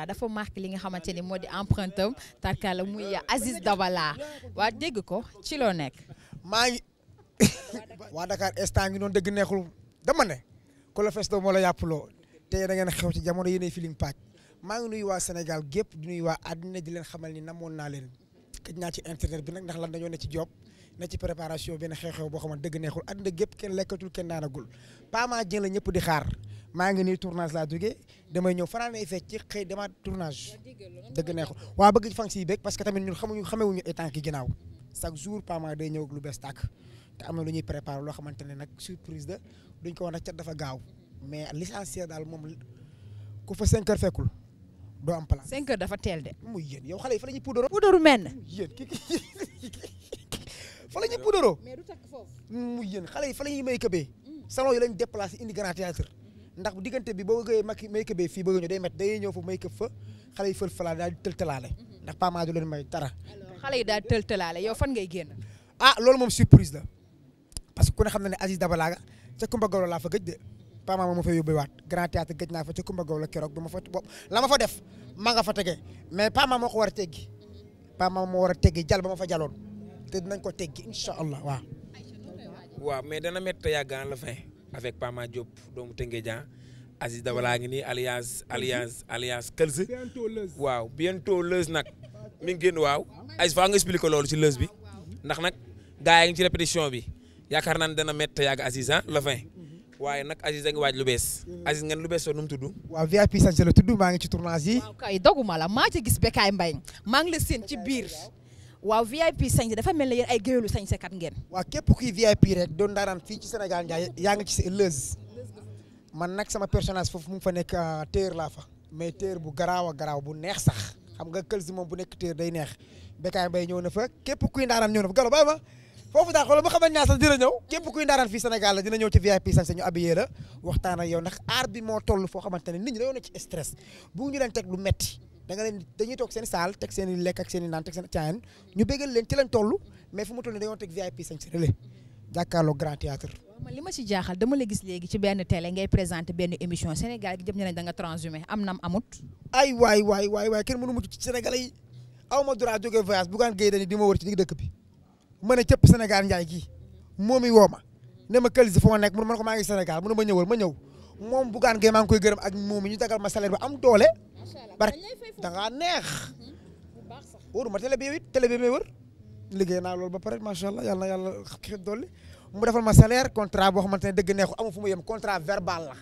voilà dafa marqué li nga xamante ni moo di empreinte am tarkala muy Aziz Dabala waa dégg ko ci loo nekk. maa ngi waa Dakar instant ngi noonu dëgg neexul dama ne ku la festo moo la loo te da ngeen xew ci jamono yéenay feeling paaj maa ngi nuyu waa Sénégal gépp di nuyu waa àddina di leen xamal ni namoon naa leen këj naa ci internet bi nag ndax lan dañoo ne ci job ne ci préparation benn xew-xew boo xam ne dëgg neexul àddina gépp kenn lekkatul kenn naanagul pas maa ñëpp di xaar. maa ngi nii tournage laa jógee damay ñëw fanaan ay fecc ci xëy demaat tournage dëgg neexul waa bëgg fan siy bëgg parce que tamit ñu xamuñu xamewuñu ay tànk ginnaaw chaque jour Pama day ñëw ak lu bees tàkk te am na lu ñuy préparé loo xamante ne nag surprise da duñ ko wax nag cat dafa gaaw mais l'essentiel daal moom ku fa 5 heures fekkul doo am place. 5 heures dafa teel de. mu yéen yow xale yi fa la ñuy puudaroo. puudaru mel na yéen kii fa mais du takk foofu. muy yéen xale yi fa la ñuy may këbee. Mm. salon yi lañ déplacé indi ndax diggante bi boo gëyee make make bee fii bëgg ñu day met day ñëw fa make fa xale yi fël falaa daal di tëltalaale mhm. ndax paama du leen may dara xale yi daal di tëltalaale yow fan ngay génn ah loolu moom surprise la parce que ku ne xam na ne Aziz Dabalaga ca Kumba Gawlo laa fa gëj de pama moom ma fa yóbbuwaat grand théâtre gëj naa fa ca Kumba Gawlo keroog bi ma fa bopp la ma fa def ma nga fa tege mais pama moo ko war a teggi pama moo war a teggi jal ba ma fa jaloon te dinañ ko teggi incha allah waaw waaw mais dana métti yàggaan ah, la fin avec Pama Diop doomu Tëngéja ah. Aziz Dabala ngi nii alliance alliance alliance Kels. waaw bientôt leus nag mi ngi génn waaw. Aziz faa nga expliqué loolu ci leus bi ndax nag gars yi ngi ci répétition bi yaakaar naa ne dana métti yàgg Aziz ah le vin mhm. waaye nag Aziz a ngi waaj lu bees. Mhm. Aziz ngeen lu bees nu mu tudd. waaw VIP maa ngi ci tournage yi. waaw kay maa ci gis Bécaye Mbaye maa ngi la seen ci biir. waaw VIP sañse dafa mel ne yéen ay géwélu sañsekat ngeen. waaw képp kuy VIP rek doon daaraan fii ci Sénégal Ndiaye yaa nga ci sa leuse man nag sama personnage foofu mu ngi fa nekk euh, téer laa fa mais téer bu garaaw garaaw bu neex sax xam nga kël si moom bu nekk téer day neex Bécaye Mbaye ñëw na fa képp kuy ndaaraan ñëw na fa galo bàyyi ma foofu daal xoolal ma xamal ñaar sax dina ñëw képp kuy ndaaraan fii Sénégal la dina ñëw ci VIP sax ñu abiyee la waxtaan ak yow ndax aar bi moo toll foo xamante ne nit ñi dañoo ne ci stress bu ñu leen teg lu metti da nga leen dañuy toog seen saal teg seen i lekk ak seen i naan teg seen caayan ñu bégal ci lañ toll mais fu mu toll nii dañoo teg VIP sañ si relais jàkkaarloo grand théâtre man li ma ci jaaxal dama la gis léegi ci benn télé ngay présenté benn émission Sénégal gi jëm nga transhumé am nam waay waay waay waay kenn mënu mucc ci Sénégalais yi aw ma droit jógee voyage bugaan géy ma wër ci digg dëkk ma ne cëpp Sénégal njaay gii moom i woo ma ma këlisi foo nekk mun ma ne maa ngi Sénégal mun ma ñëwal ma ñëw moom bugaan géy maa ngi koy gërëm ak moom ñu dagal ma salaire bi am doole barke danga neex mhm. wóoruma télé bi it télé bi may wër liggéey naa loolu ba pare macha allah yàlla na yàlla xet mu defal ma salaire contrat boo xamante ne dëgg neexu amu fu mu yem contrat verbal la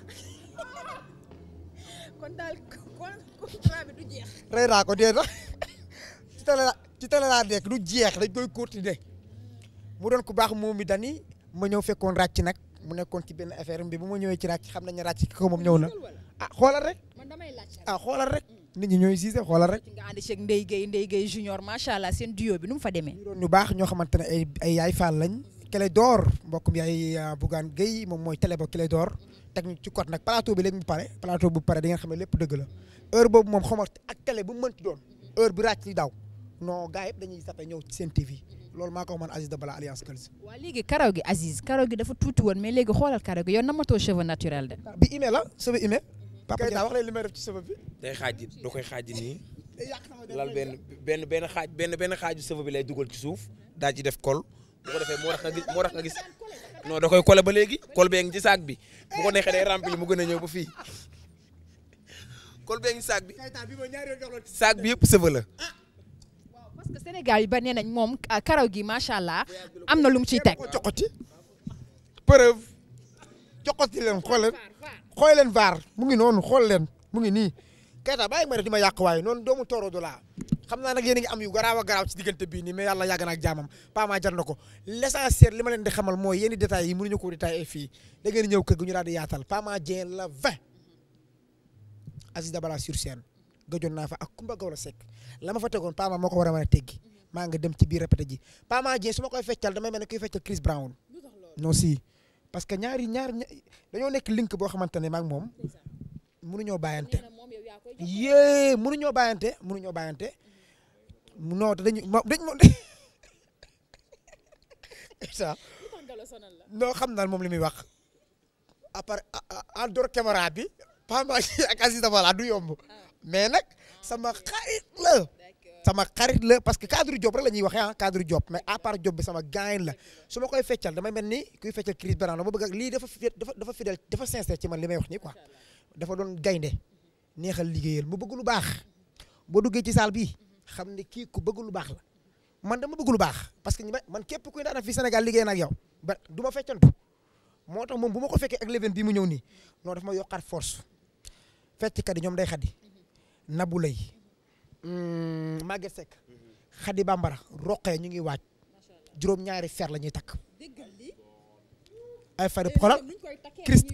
kon daal contrat bi du jeex rëy ko dee ci télé la ci télé laa nekk du jeex dañ koy continuer mu doon ku baax moom mi dani ma ñëw fekkoon ràcc nag mu nekkoon ci benn affaire bi bu ma ñëwee ci ràcc xam nañ ne ràcc ki ko moom ñëw na ah xoolal rek ah xoolal rek nit ñi ñooy siise xoolal rek. nga ànd ceeg Ndeye Gueye Ndeye Gueye junior macha allah seen duo bi nu mu fa demee. ñu baax ñoo xamante ne ay ay yaay faal lañ. Kélé Dóor mbokk mi yaay ah, Bougane Gueye moom mooy télé ba Kélé Dóor teg ñu ci kot nag plateau bi léegi mu pare plateau bu pare di ngeen xam ne lépp dëgg la heure boobu moom xamal ak télé bu mu mënti doon heure bi ràcc li daw non gars yëpp dañuy sape ñëw ci seen TV loolu maa ko man Aziz Dabala alliance Kals. waaw léegi karaw gi Aziz karaw gi dafa tuuti woon mais léegi xoolal karaw gi yow namatoo cheveux naturel de. Ah, bi imee la cheveux imee. papa Dia wax leen li may def ci cheveux bi. day koy xaaji nii. lal benn benn benn xaaj benn benn xaaju cheveux bi lay dugal ci suuf daa ci def kol bu ko defee moo tax nga gis moo da koy kole ba léegi kol bee ngi ci saak bi bu ko neexee day rempli mu gën a ñëw ba fii kol bee ngi saak bi saak bi yëpp cheveux la ah. senegal que Sénégal yi ba nee nañ moom karaw gi macha allah am na lu mu ciy teg. coqoti preuve coqoti leen xool leen xool leen vaar mu ngi noonu xool leen mu ngi nii. Keita bàyyi ma def di ma yàq waaye noonu doomu tooro du laa xam naa nag yéen a ngi am yu ci diggante bii nii mais yàlla yàgg na ak jaamam Pama jar na ko l'essentiel li leen di xamal mooy yenn détails yi mënuñu ko détaillé fii da ngeen ñëw ñu daal di yaatal Pama la 20 Aziz Dabala sur gëjoon naa fa ak Kumba Gawlo Seck la ma fa tegoon Pama moo ko war a mën a teggi maa nga dem ci biir répété ji Pama Dieng su ma koy feccal damay mel ne kuy feccal Chris Brown non si parce que ñaari ñaar dañoo nekk link boo xamante ne maag moom munu bàyyante yée mënuñoo bàyyante mënuñoo bàyyante non te dañu ma dañ moom non xam naa moom li muy wax à part en dehors caméra bi Pama Dieng ak du yomb mais nag sama xarit la sama xarit la parce que cadre Diop rek la ñuy waxee ah cadre Diop mais à part Diop bi sama gaañ la su ma koy feccal damay mel ni kuy feccal Chris Brown dama bëgg ak lii dafa dafa dafa fidèle dafa sincère ci man li may wax nii quoi dafa doon gaynde neexal liggéeyal mu bëgg lu baax boo duggee ci salle bi xam ne kii ku bëgg lu baax la man dama bëgg lu baax parce que man képp kuy daanaka fii Sénégal liggéey na yow ba du ma feccantu moo tax moom bu ma ko fekkee ak l'événement bi mu ñëw nii non daf ma yokkaat force fecckat yi ñoom day xaddi Nabou Leye hmm, Maguette Seck mm-hmm. Khady Bambara roqee ñu ngi waaj juróom ñaari fer la ñuy takk ay fer xoolal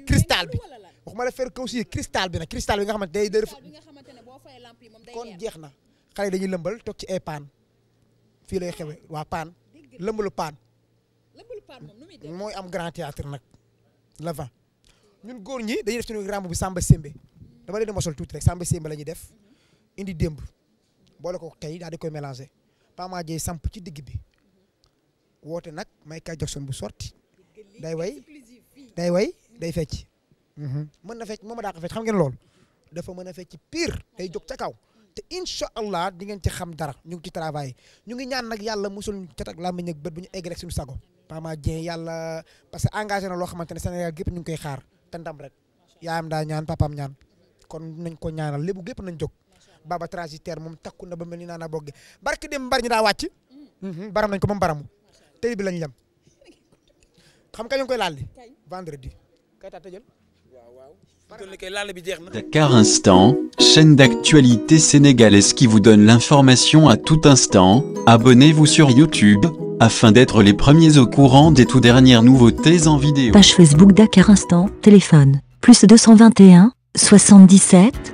cristal bi waxuma la fer kaw si cristal bi nag cristal bi nga xamante day dër kon jeex na xale dañuy lëmbal toog ci ay paan fii lay xewe waa paan lëmbalu paan mooy am grand théâtre nag la ñun góor ñi dañuy def suñu ramb bi Samba Sembe dama leen di mosal tuuti rek Samba Sembe la ñuy def indi démb boole ko tay dal di koy mélangé Pama djey samp ci digg bi nak nag Michael Jackson bu sorti day way day way day fecc mhm. mën na fecc moma da ko fecc xam ngeen lool dafa mën fecc pire day jox ca kaw te inshallah allah di ngeen ci xam dara ñu ngi ci travail ñu ngi ñaan nak yalla musul ci tak làmmiñ ak bët bu ñu egg rek suñu sago Pama djey yalla parce que engagé na lo xamantene Sénégal gep ñu ngi koy xaar te ndam rek yaam da ñaan papam ñaan kon nañ ko ñaanal lebu gep nañ jox baba vendredi. Dakar Instant, chaîne d'actualité sénégalaise qui vous donne l'information à tout instant. Abonnez-vous sur YouTube afin d'être les premiers au courant des tout dernières nouveautés en vidéo. Page Facebook Dakar Instant, téléphone, plus 221, 77,